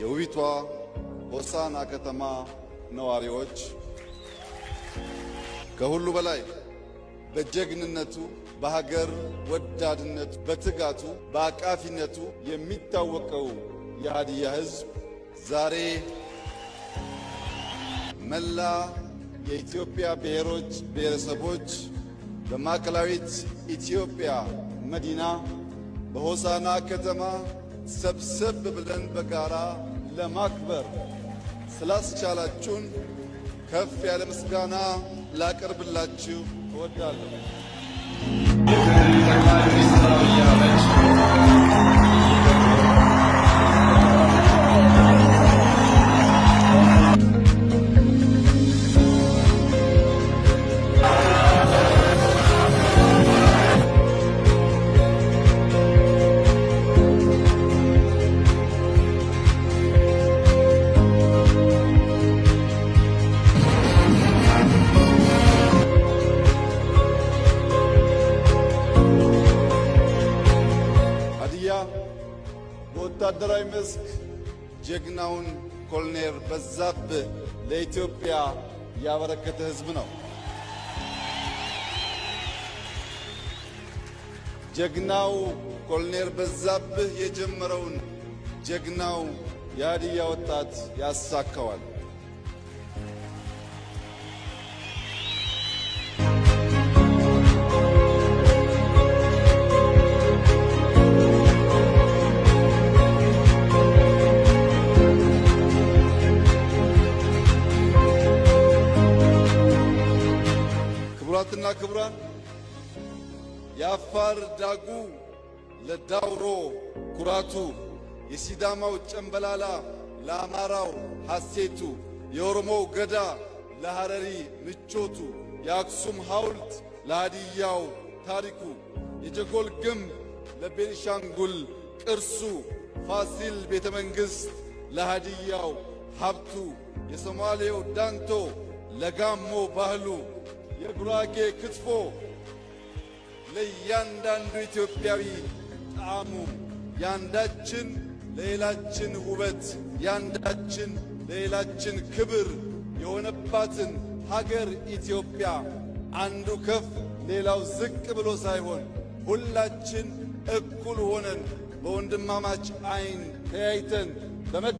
የውቢቷ ሆሳና ከተማ ነዋሪዎች ከሁሉ በላይ በጀግንነቱ በሀገር ወዳድነቱ በትጋቱ በአቃፊነቱ የሚታወቀው የሀዲያ ሕዝብ ዛሬ መላ የኢትዮጵያ ብሔሮች፣ ብሔረሰቦች በማዕከላዊት ኢትዮጵያ መዲና በሆሳና ከተማ ሰብሰብ ብለን በጋራ ለማክበር ስላስቻላችሁን ከፍ ያለ ምስጋና ላቀርብላችሁ እወዳለሁ። በወታደራዊ መስክ ጀግናውን ኮሎኔል በዛብህ ለኢትዮጵያ ያበረከተ ህዝብ ነው። ጀግናው ኮሎኔል በዛብህ የጀመረውን ጀግናው የሀዲያ ወጣት ያሳካዋል። ክቡራትና ክቡራን የአፋር ዳጉ ለዳውሮ ኩራቱ፣ የሲዳማው ጨምበላላ ለአማራው ሐሴቱ፣ የኦሮሞው ገዳ ለሐረሪ ምቾቱ፣ የአክሱም ሐውልት ለሃዲያው ታሪኩ፣ የጀጎል ግንብ ለቤንሻንጉል ቅርሱ፣ ፋሲል ቤተ መንግሥት ለሃዲያው ሀብቱ፣ የሶማሌው ዳንቶ ለጋሞ ባህሉ የጉራጌ ክትፎ ለእያንዳንዱ ኢትዮጵያዊ ጣዕሙ ያንዳችን ለሌላችን ውበት ያንዳችን ለሌላችን ክብር የሆነባትን ሀገር ኢትዮጵያ አንዱ ከፍ ሌላው ዝቅ ብሎ ሳይሆን ሁላችን እኩል ሆነን በወንድማማች አይን ተያይተን